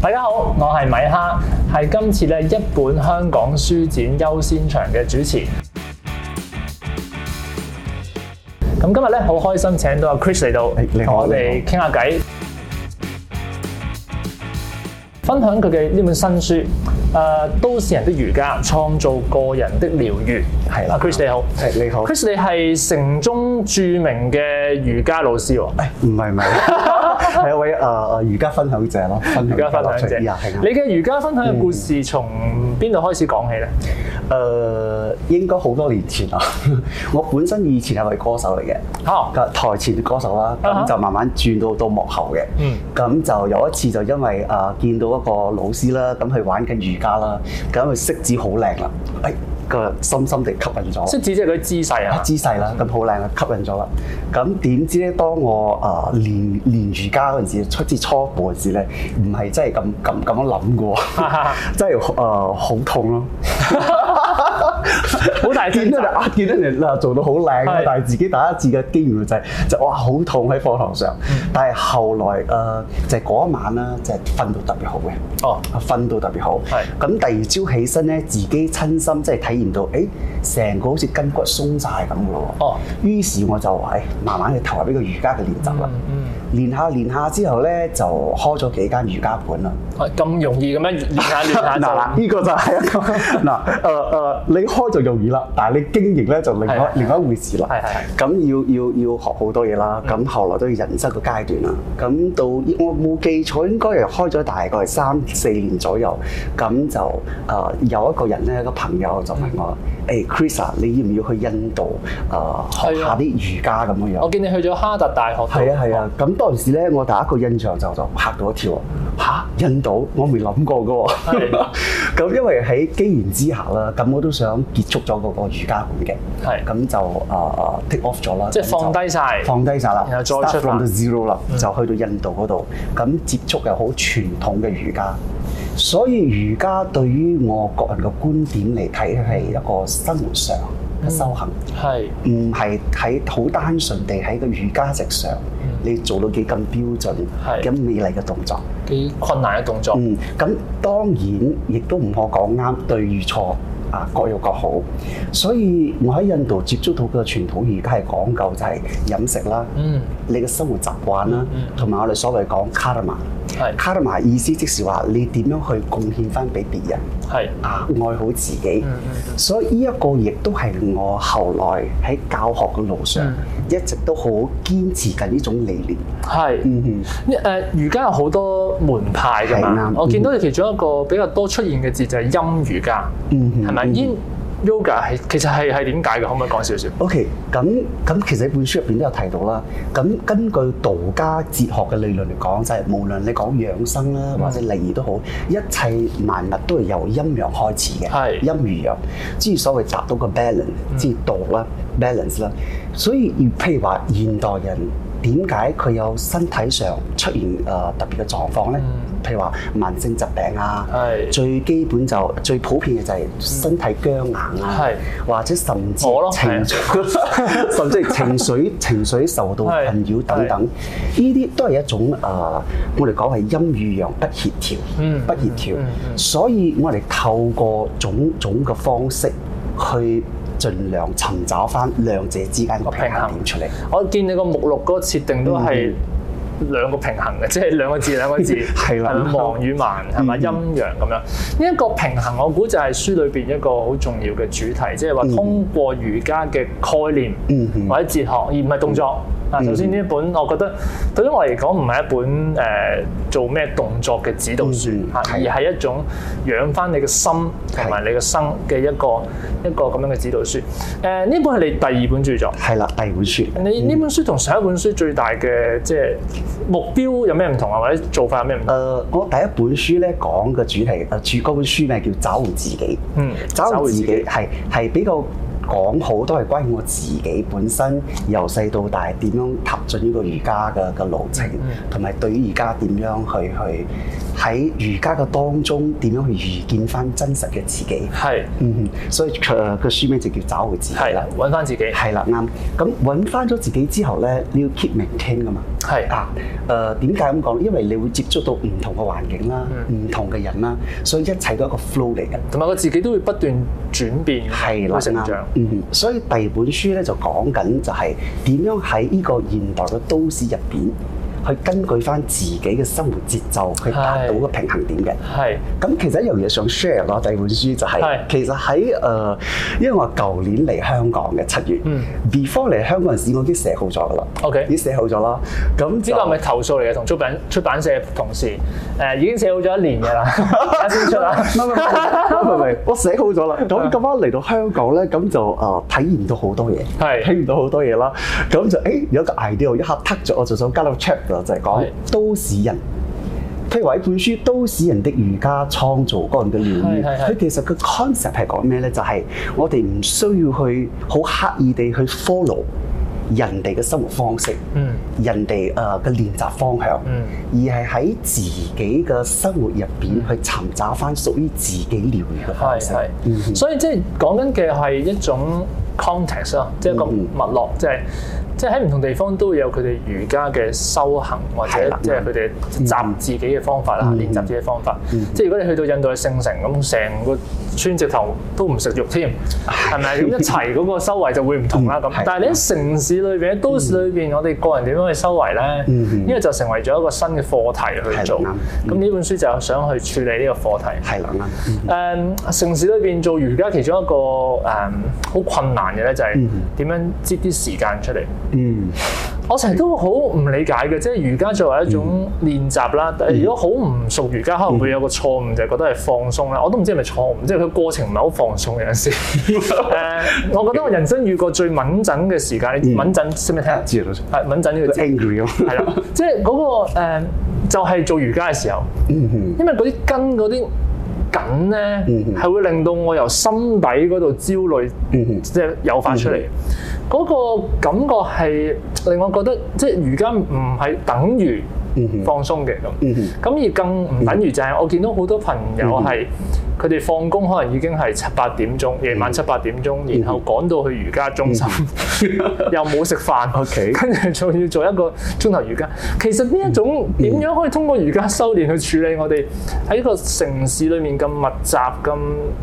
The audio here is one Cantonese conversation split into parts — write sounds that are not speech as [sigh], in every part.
大家好，我係米哈，係今次一本香港書展優先場嘅主持。咁今日好開心，請到阿 Chris 嚟到，好我哋傾下偈。分享佢嘅呢本新書《誒都市人的瑜伽：創造個人的療癒》。係啦 Chris 你好、mm，係你好。Chris 你係城中著名嘅瑜伽老師，誒唔係唔係，係一位誒誒瑜伽分享者咯。瑜伽分享者。係你嘅瑜伽分享嘅故事從邊度開始講起咧？誒應該好多年前啊，我本身以前係位歌手嚟嘅。嚇！嘅台前嘅歌手啦，咁就慢慢轉到到幕後嘅。嗯。咁就有一次就因為誒見到。個老師啦，咁去玩緊瑜伽啦，咁佢色子好靚啦，誒、哎、個深深地吸引咗。色子即係佢姿勢啊？姿勢啦，咁好靚啊，吸引咗啦。咁點知咧？當我誒、呃、練練瑜伽嗰陣時，出自初步嗰陣時咧，唔係真係咁咁咁樣諗嘅真即係好痛咯。 [laughs] 好大聲，跟住啊，見到人你嗱 [laughs] 做到好靚，但係自己打字嘅經驗就係、是、就哇好痛喺課堂上。嗯、但係後來誒、呃、就係、是、嗰一晚啦，即係瞓到特別好嘅。哦，瞓到特別好。係是。咁第二朝起身咧，自己親身即係體驗到，誒、欸、成個好似筋骨鬆晒咁嘅咯哦。於是我就話誒、欸，慢慢去投入呢個瑜伽嘅練習啦。嗯。嗯。練下練下之後咧，就開咗幾間瑜伽館啦。咁容易咁樣練下練下？嗱嗱，呢個就係一個嗱誒誒，你開就容易啦，但係你經營咧就另外另外一回事啦。係係。咁要要要學好多嘢啦。咁後來都要人質嘅階段啦。咁到我冇記錯，應該係開咗大概三四年左右。咁就誒有一個人咧，一個朋友就問我，誒，Chris，你要唔要去印度誒學啲瑜伽咁樣？我見你去咗哈特大學。係啊係啊，咁。當時咧，我第一個印象就就嚇到一跳啊！嚇，印度我未諗過噶。咁是的 [laughs] 因為喺機緣之下啦，咁我都想結束咗嗰個瑜伽館嘅。係是的。咁就啊啊 take off 咗啦。即係放低晒，放低晒啦。然後再出嚟。from zero 啦，就去到印度嗰度，咁是的 接觸又好傳統嘅瑜伽。所以瑜伽對於我個人嘅觀點嚟睇，係一個生活上。修行係唔係喺好單純地喺個瑜伽席上，嗯、你做到幾咁標準、幾咁是美麗嘅動作？幾困難嘅動作。嗯，咁當然亦都唔可講啱對與錯啊，各有各好。所以我喺印度接觸到嘅傳統，瑜伽係講究就係、是、飲食啦、嗯嗯，嗯，你嘅生活習慣啦，同埋我哋所謂講卡德瑪，係卡德瑪意思即係話你點樣去貢獻翻俾別人。係啊，是愛好自己，嗯、所以呢一個亦都係我後來喺教學嘅路上一直都好堅持緊呢種理念。係是，誒瑜伽有好多門派㗎嘛，嗯、我見到你其中一個比較多出現嘅字就係、是、陰瑜伽，係咪 Yoga 係其實係係點解嘅？可唔可以講少少？OK，咁咁其實喺本書入邊都有提到啦。咁根據道家哲學嘅理論嚟講，就係、是、無論你講養生啦，嗯、或者靈異都好，一切萬物都係由陰陽開始嘅。係是陰與陽，之所謂達到個 balance，嗯、即係道啦，balance 啦。所以，譬如話現代人。點解佢有身體上出現誒、呃、特別嘅狀況呢？嗯、譬如話慢性疾病啊，是最基本就最普遍嘅就係身體僵硬啊，嗯、或者甚至情緒，呢 [laughs] 甚至情緒 [laughs] 情緒受到困擾等等，呢啲是都係一種誒、呃，我哋講係陰與陽不協調，嗯、不協調，嗯嗯、所以我哋透過種種嘅方式去。盡量尋找返兩者之間個平衡點出嚟。我見你個目錄嗰個設定都係。嗯兩個平衡嘅，即係兩個字，兩個字，係啦 [laughs] 對、啊，係咪忙與慢，係咪陰陽咁樣？呢一個平衡，我估就係書裏邊一個好重要嘅主題，即係話通過瑜伽嘅概念 [noise] 或者哲學，而唔係動作。啊，首先呢一本，我覺得對於我嚟講，唔係一本誒做咩動作嘅指導書嚇，而係一種養翻你嘅心同埋你嘅身嘅一個一個咁樣嘅指導書。誒，呢本係你第二本著作，係 [noise] 啦，第二本書。你呢本書同上一本書最大嘅即係？目標有咩唔同啊？或者做法有咩唔同？誒、呃，我第一本書咧講嘅主題，誒，住本書咧叫找回自己。嗯，找回自己係係比較。講好都係關於我自己本身，由細到大點樣踏進呢個瑜伽嘅嘅路程，同埋對於瑜伽點樣去去喺瑜伽嘅當中點樣去遇見翻真實嘅自己。係，嗯，所以誒個書名就叫找回自己。係啦，揾翻自己。係啦，啱。咁揾翻咗自己之後咧，你要 keep maintaining 噶嘛。係。啊，誒點解咁講？因為你會接觸到唔同嘅環境啦，唔同嘅人啦，所以一切都係一個 flow 嚟嘅。同埋個自己都會不斷轉變，係啦，嗯，所以第二本書咧就講緊就係點樣喺呢個現代嘅都市入邊。去根據翻自己嘅生活節奏，去達到一個平衡點嘅。係。咁其實一樣嘢想 share 咯，第二本書就係，其實喺誒、呃，因為我舊年嚟香港嘅七月，before 嚟、嗯、香港陣時，我已經寫好咗㗎啦。OK，已經寫好咗啦。咁呢個係咪投訴嚟嘅同出版出版社嘅同事？誒、呃、已經寫好咗一年㗎啦， [laughs] [laughs] 先出啊！ [laughs] 唔唔唔，我寫好咗啦。咁咁啱嚟到香港咧，咁就誒、呃、體驗是到好多嘢，係體驗到好多嘢啦。咁就誒有一個 idea，一嚇 tick 咗，我就想加粒 check 就係講都市人，譬如話一本書《都市人的瑜伽創造個人》嗰樣嘅療癒，佢其實個 concept 係講咩咧？就係、是、我哋唔需要去好刻意地去 follow 人哋嘅生活方式，嗯，人哋誒嘅練習方向，嗯，而係喺自己嘅生活入邊去尋找翻屬於自己療癒嘅方式，嗯、所以即係講緊嘅係一種 context 啦，即係個脈絡，即係、嗯。嗯嗯即係喺唔同地方都會有佢哋瑜伽嘅修行或者即係佢哋集自己嘅方法啦，練習自己嘅方法。即係如果你去到印度嘅聖城，咁成個村直頭都唔食肉添，係咪？咁一齊嗰個修為就會唔同啦。咁但係你喺城市裏邊、都市裏邊，我哋個人點樣去修為咧？呢個就成為咗一個新嘅課題去做。咁呢本書就想去處理呢個課題。係啦。誒，城市裏邊做瑜伽其中一個誒好困難嘅咧，就係點樣擠啲時間出嚟。嗯，mm hmm. 我成日都好唔理解嘅，即係瑜伽作為一種練習啦。Mm hmm. 但係如果好唔熟瑜伽，可能會有個錯誤、mm hmm. 就係覺得係放鬆啦。我都唔知係咪錯誤，即係佢過程唔係好放鬆有陣時。誒、 [laughs] 呃，我覺得我人生遇過最忟憎嘅時間，忟憎識唔識聽日字啊？係忟憎呢個 angry 啦，即係嗰個、呃、就係、是、做瑜伽嘅時候，mm hmm. 因為嗰啲筋嗰啲。緊咧，係、嗯、哼會令到我由心底嗰度焦慮，嗯、哼即係誘發出嚟。嗰、嗯、哼個感覺係令我覺得，即係而家唔係等於放鬆嘅咁。咁、嗯、哼而更唔等於就係我見到好多朋友係。嗯哼嗯佢哋放工可能已經係七八點鐘，夜晚七八點鐘，然後趕到去瑜伽中心，嗯、 [laughs] 又冇食飯，Okay、跟住仲要做一個鐘頭瑜伽。其實呢一種點、嗯、樣可以通過瑜伽修練去處理我哋喺個城市裏面咁密集、咁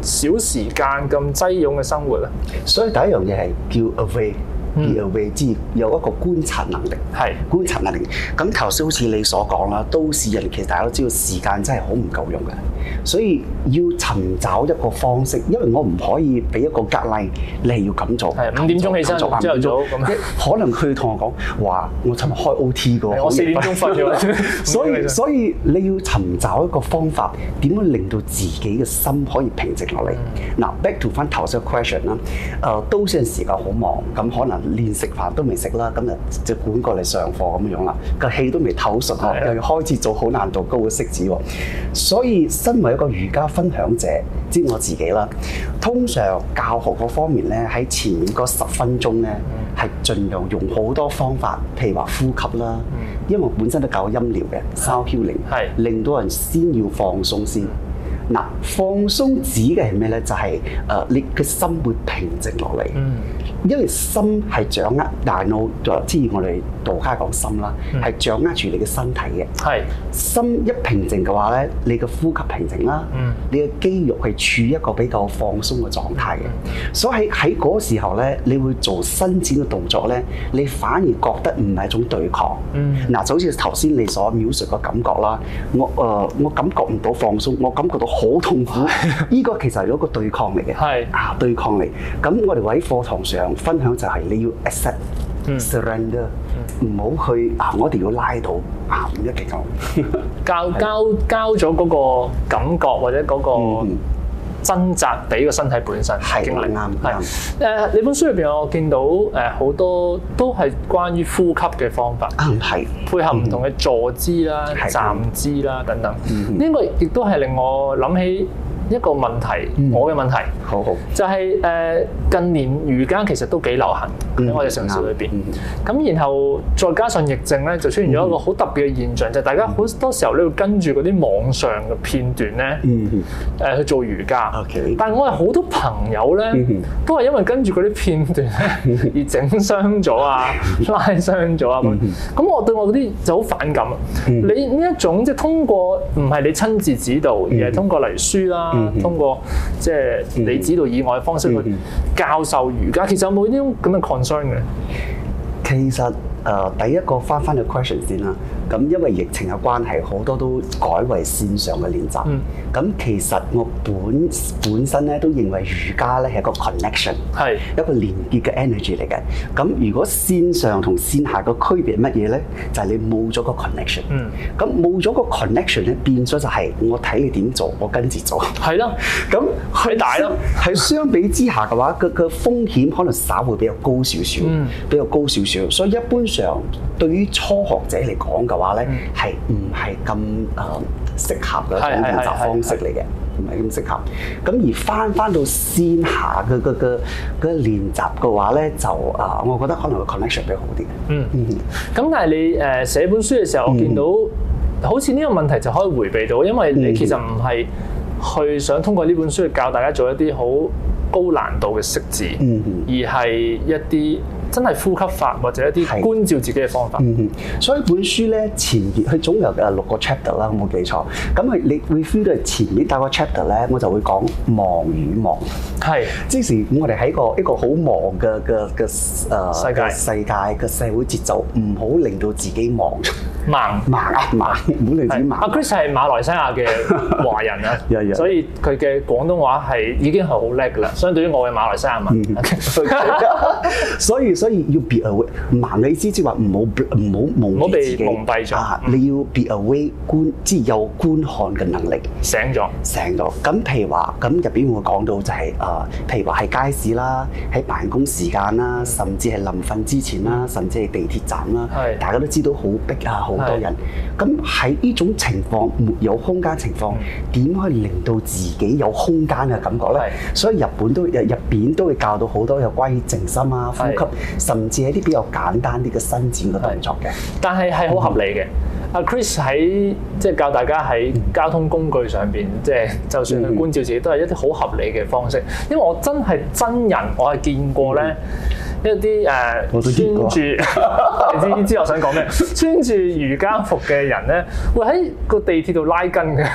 少、嗯、時間、咁 [laughs] 擠擁嘅生活呢？所以第一樣嘢係叫 away。有未知有一個觀察能力，觀察能力。咁頭先好似你所講啦，都市人其實大家都知道時間真係好唔夠用嘅，所以要尋找一個方式，因為我唔可以俾一個格例，你係要咁做。係五點鐘起身，朝頭早。可能佢同我講話，我尋日開 OT 嘅，我四點鐘瞓嘅。所以所以你要尋找一個方法，點樣令到自己嘅心可以平靜落嚟？嗱，back to 翻頭先嘅 question 啦，誒，都市人時間好忙，咁可能。連食飯都未食啦，咁就就趕過嚟上課咁樣啦。個氣都未唞順，又要開始做好難度高嘅式子喎。所以身為一個瑜伽分享者，即我自己啦，通常教學嗰方面咧，喺前面嗰十分鐘咧，係盡量用好多方法，譬如話呼吸啦，因為本身都教音療嘅，敲敲鈴，係令到人先要放鬆先。嗱，放鬆指嘅係咩咧？就係誒，你嘅心會平靜落嚟。嗯。因為心係掌握大腦，就之前我哋道家講心啦，係掌握住你嘅身體嘅。係。心一平靜嘅話咧，你嘅呼吸平靜啦。嗯。你嘅肌肉係處於一個比較放鬆嘅狀態嘅。所以喺喺嗰時候咧，你會做伸展嘅動作咧，你反而覺得唔係一種對抗。嗯。嗱，就好似頭先你所描述嘅感覺啦。我誒，我感覺唔到放鬆，我感覺到。好痛苦，呢、這個其實係一個對抗嚟嘅，係是、啊、對抗嚟。咁我哋喺課堂上分享就係你要 accept、嗯、surrender，唔好、嗯、去啊！我一定要拉到啊！唔一嘅教教教教咗嗰個感覺或者嗰、那個。嗯掙扎俾個身體本身的經歷，啱啱誒你本書入邊，我見到誒好多都係關於呼吸嘅方法，係、嗯、配合唔同嘅坐姿啦、站的姿啦等等，呢、嗯、個亦都係令我諗起。一個問題，我嘅問題，就係誒近年瑜伽其實都幾流行喺我哋城市裏邊。咁然後再加上疫症咧，就出現咗一個好特別嘅現象，就係大家好多時候咧要跟住嗰啲網上嘅片段咧，誒去做瑜伽。但係我係好多朋友咧，都係因為跟住嗰啲片段咧而整傷咗啊、拉傷咗啊咁。咁我對我嗰啲就好反感。你呢一種即係通過唔係你親自指導，而係通過嚟書啦。通過即係、就是、你指導以外嘅方式去教授瑜伽，其實有冇呢種咁嘅 concern 嘅？其實誒、呃，第一個翻翻個 question 先啦。咁因為疫情嘅關係，好多都改為線上嘅練習。咁、嗯、其實我本本身咧都認為瑜伽咧係一個 connection，係是一個連結嘅 energy 嚟嘅。咁如果線上同線下嘅區別係乜嘢咧？就係、是、你冇咗個 connection。嗯。咁冇咗個 connection 咧、就是，變咗就係我睇你點做，我跟住做。係咯的。咁佢大咯。係相比之下嘅話，個個風險可能稍會比較高少少，嗯、比較高少少。所以一般上對於初學者嚟講。話咧係唔係咁誒適合嘅，種練習方式嚟嘅？唔係咁適合。咁而翻翻到線下嘅嘅嘅嘅練習嘅話咧，就啊、呃，我覺得可能會 connection 比較好啲嘅。嗯嗯。咁、嗯、但係你誒、呃、寫本書嘅時候，嗯、我見到好似呢個問題就可以迴避到，因為你其實唔係去想通過呢本書教大家做一啲好高難度嘅識字，嗯、嗯而係一啲。真係呼吸法或者一啲觀照自己嘅方法。嗯 [noise] 所以本書咧前邊佢總有誒六個 chapter 啦，我冇記錯。咁係你會 feel 到前邊第一個 chapter 咧，我就會講忙與忙。係是。之前我哋喺個一個好忙嘅嘅嘅誒世界、世界嘅社會節奏，唔好令到自己忙。忙忙忙，唔好令自己忙。阿是慢 Chris 係馬來西亞嘅華人啊。 [laughs] [laughs] 所以佢嘅廣東話係已經係好叻㗎啦。相對於我嘅馬來西亞文。 [laughs] [laughs] [laughs] 所以。所以要 be a w a r 盲的意思即係話唔好唔好矇住自己啊！你要 be aware 即係有觀看嘅能力。醒咗了，醒咗。咁譬如話，咁入邊我講到就係、是、誒、呃，譬如話喺街市啦，喺辦公時間啦，甚至係臨瞓之前啦，甚至係地鐵站啦，是大家都知道好逼啊，好多人。咁喺呢種情況，沒有空間情況，點是可以令到自己有空間嘅感覺咧？是所以日本都入入邊都會教到好多有關於靜心啊、呼吸。是是甚至喺啲比較簡單啲嘅伸展都嘅動作嘅，但係係好合理嘅。阿、mm hmm. Chris 喺即係教大家喺交通工具上邊，即係、mm hmm. 就，就算去觀照自己、mm hmm. 都係一啲好合理嘅方式。因為我真係真人，我係見過咧。Mm hmm. 一啲誒穿住，你知唔知我想講咩？穿住着 [laughs] [laughs] 瑜伽服嘅人咧，會喺個地鐵度拉筋嘅，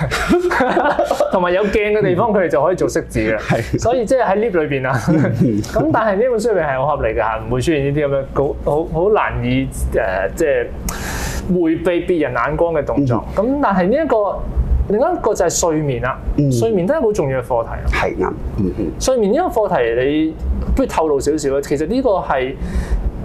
同 [laughs] 埋有，有鏡嘅地方，佢哋 [laughs] 就可以做識字嘅。係， [laughs] 所以即係喺 lift 裏邊啊。咁 [laughs] 但係呢本書入面係好合理嘅，係唔會出現呢啲咁樣高好好難以誒、呃，即係迴避別人眼光嘅動作。咁 [laughs] [laughs] 但係呢一個。另一個就係睡眠啦，嗯、睡眠都係好重要嘅課題。係啱，嗯嗯。睡眠呢個課題你不如透露少少啦。其實呢個係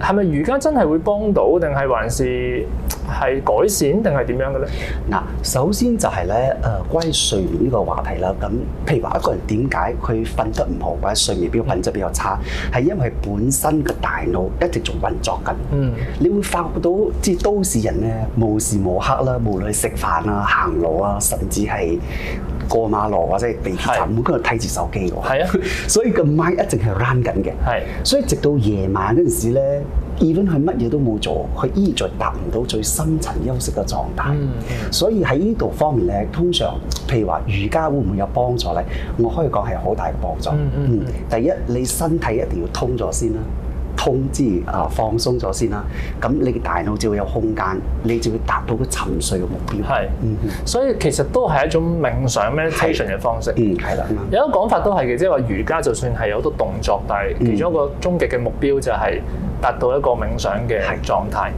係咪瑜伽真係會幫到，定係還是？係改善定係點樣嘅咧？嗱，首先就係咧，誒，關於睡眠呢個話題啦。咁，譬如話一個人點解佢瞓得唔好，或者睡眠比較品質比較差，係、嗯、因為本身嘅大腦一直仲運作緊。嗯，你會發覺到即係都市人咧，無時無刻啦，無論係食飯啊、行路啊，甚至係過馬路或者係地鐵站，跟住睇住手機喎。係是啊， [laughs] 所以個 mind 一直係 run 緊嘅。係，是啊、所以直到夜晚嗰陣時咧。依番佢乜嘢都冇做，佢依然就達唔到最深層休息嘅狀態。嗯嗯。所以喺呢度方面咧，通常譬如話瑜伽會唔會有幫助咧？我可以講係好大嘅幫助。嗯嗯，嗯。第一，你身體一定要通咗先啦，通知，啊，放鬆咗先啦。咁你嘅大腦就會有空間，你就會達到個沉睡嘅目標。係。嗯。所以其實都係一種冥想 meditation 嘅是方式。嗯，係啦。嗯、有一個講法都係嘅，即係話瑜伽就算係有好多動作，但係其中一個終極嘅目標就係、是。達到一個冥想嘅狀態，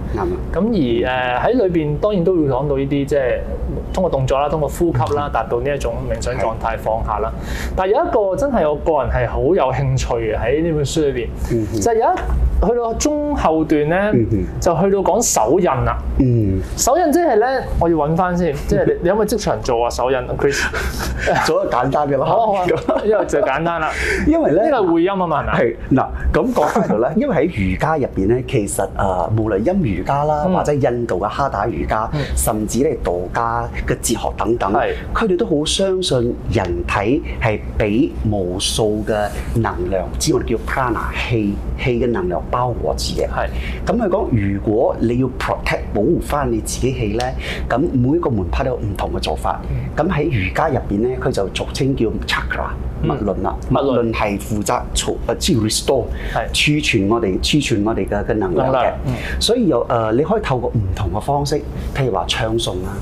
咁的而誒喺裏邊當然都會講到呢啲，即係通過動作啦，通過呼吸啦，達到呢一種冥想狀態放下啦。但係有一個真係我個人係好有興趣嘅喺呢本書裏邊，嗯、哼就係有一。去到中後段咧，mm hmm. 就去到講手印啦。Mm hmm. 手印即係咧，我要揾翻先，即係你你有冇即場做啊？手印，佢做一個簡單嘅咯。 [laughs] 好，好，因為就簡單啦，因為呢個迴音啊嘛。係嗱，咁講翻條咧，那個、度 [laughs] 因為喺瑜伽入邊咧，其實啊、呃，無論陰瑜伽啦，或者印度嘅哈打瑜伽，嗯、甚至係道家嘅哲學等等，佢哋、嗯、是都好相信人體係俾無數嘅能量，只我哋叫 prana 氣氣嘅能量。包裹自己，係咁佢講，如果你要 protect 保護翻你自己氣咧，咁每一個門派都有唔同嘅做法，咁喺、嗯、瑜伽入邊咧，佢就俗稱叫 chakra。物輪啊，物輪係負責儲，即係 restore，儲存我哋儲存我哋嘅嘅能量嘅。所以又誒，你可以透過唔同嘅方式，譬如話唱誦啊，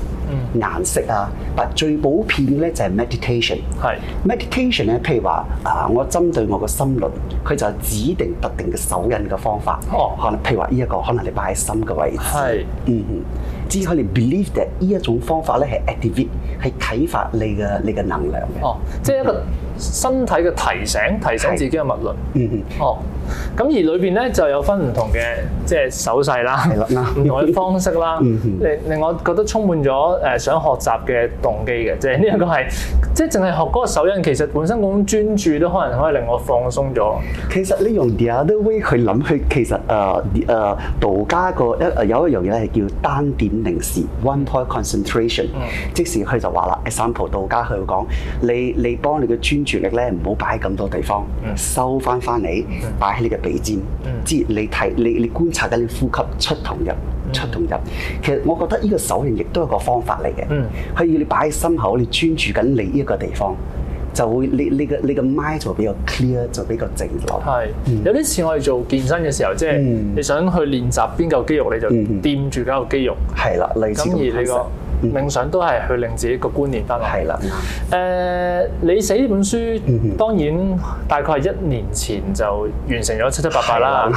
顏色啊，但最普遍咧就係 meditation。係。meditation 咧，譬如話啊，我針對我個心輪，佢就係指定特定嘅手印嘅方法。哦。可能譬如話呢一個可能你擺喺心嘅位置。係。嗯嗯。只係你 believe that 呢一種方法咧係 activate，係啟發你嘅你嘅能量嘅。哦，即係一個。身體嘅提醒，提醒自己嘅物率。嗯嗯， [noise] 哦，咁而裏邊咧就有分唔同嘅。即係手勢啦，唔同嘅方式啦，令令我覺得充滿咗誒想學習嘅動機嘅，即係呢一個係，即係淨係學個手印，其實本身咁專注都可能可以令我放鬆咗。其實你用 the other way 去諗佢其實誒誒道家個一有一樣嘢咧係叫單點凝視 （one point concentration）。即時佢就話啦，example 道家佢會講，你你幫你嘅專注力咧，唔好擺喺咁多地方，收翻翻嚟，擺喺你嘅鼻尖。即係你睇你你觀察緊你呼吸，出同入出同入，其實我覺得呢個手型亦都係個方法嚟嘅。嗯，係要你擺喺心口，你專注緊你呢一個地方，就會你你個你個 mind 就比較 clear，就比較靜落。係是，嗯、有啲似我哋做健身嘅時候，即係你想去練習邊嚿肌肉，你就掂住嗰個肌肉。係啦、嗯嗯，咁甘而你、這個。冥想都係去令自己個觀念翻嚟。係啦。誒 [noise] ，uh, 你寫呢本書，當然大概係一年前就完成咗七七八八啦。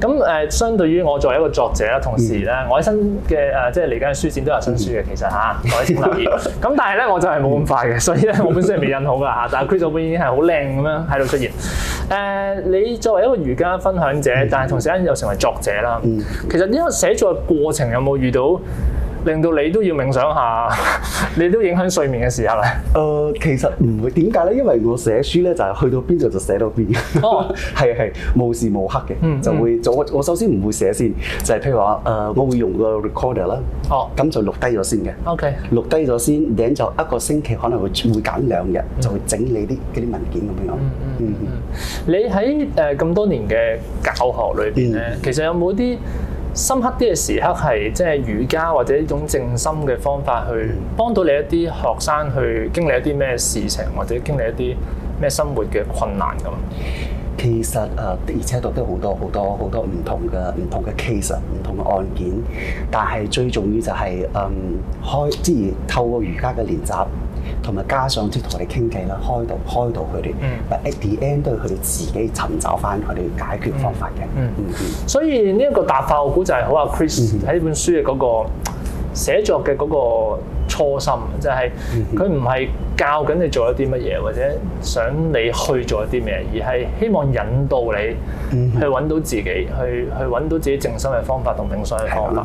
咁誒、 [noise] 呃，相對於我作為一個作者啦，同時咧， [noise] 我喺新嘅誒，即係嚟緊嘅書展都有新書嘅，其實嚇、啊，各位請留意。咁 [laughs] 但係咧，我就係冇咁快嘅，所以咧，我本身係未印好噶嚇，但係佢版本已經係好靚咁樣喺度出現。誒、 [noise] 呃，你作為一個瑜伽分享者，但係同時間又成為作者啦。 [noise] 其實呢個寫作嘅過程有冇遇到？令到你都要冥想下， [laughs] 你都影響睡眠嘅時候咧？誒、呃，其實唔會點解咧？因為我寫書咧，就係去到邊度就寫到邊。哦，係啊係，無時無刻嘅，嗯嗯，就會做我我首先唔會寫先，就係譬如話誒，我會用個 recorder 啦。哦，哦，咁、okay, 就錄低咗先嘅。OK。錄低咗先，然後一個星期可能會會揀兩日，就會整理啲啲文件咁樣樣。嗯嗯嗯。你喺誒咁多年嘅教學裏邊咧，嗯嗯嗯、其實有冇啲？深刻啲嘅時刻係即係瑜伽或者一種靜心嘅方法，去幫到你一啲學生去經歷一啲咩事情，或者經歷一啲咩生活嘅困難咁。其實誒，而且度都有好多好多好多唔同嘅唔同嘅 case 唔同嘅案件，但係最重要就係、是、誒、嗯、開即係透過瑜伽嘅練習。同埋加上即係同你哋傾偈啦，開導開導佢哋，嗯、但係 the end 都要佢哋自己尋找翻佢哋解決方法嘅、嗯。嗯嗯， [laughs] 所以呢一個答法我估就係好啊，Chris 喺呢、嗯嗯、本書嘅嗰個寫作嘅嗰個初心，就係佢唔係教緊你做一啲乜嘢，或者想你去做一啲咩，而係希望引導你去揾到自己，嗯嗯、去去揾到自己靜心嘅方法同冥想嘅方法。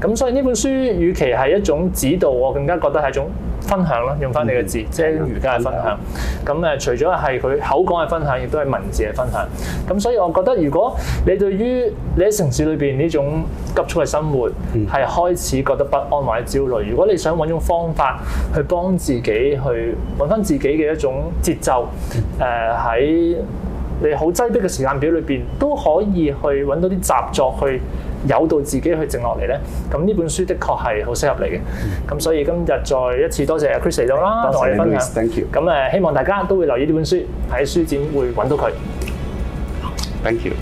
咁、嗯嗯、所以呢本書，與其係一種指導，我更加覺得係一種。分享啦，用翻你嘅字，即係瑜伽嘅分享。咁誒，除咗係佢口講嘅分享，亦都係文字嘅分享。咁所以，我覺得如果你對於你喺城市裏邊呢種急促嘅生活，係、嗯、開始覺得不安或者焦慮，如果你想揾種方法去幫自己去揾翻自己嘅一種節奏，誒、呃、喺你好擠迫嘅時間表裏邊，都可以去揾到啲習作去。有到自己去靜落嚟咧，咁呢本書的確係好適合你嘅，咁所以今日再一次多謝 Chris 嚟到啦，同我哋分享。Thank you。咁誒，希望大家都會留意呢本書，喺書展會揾到佢。Thank you。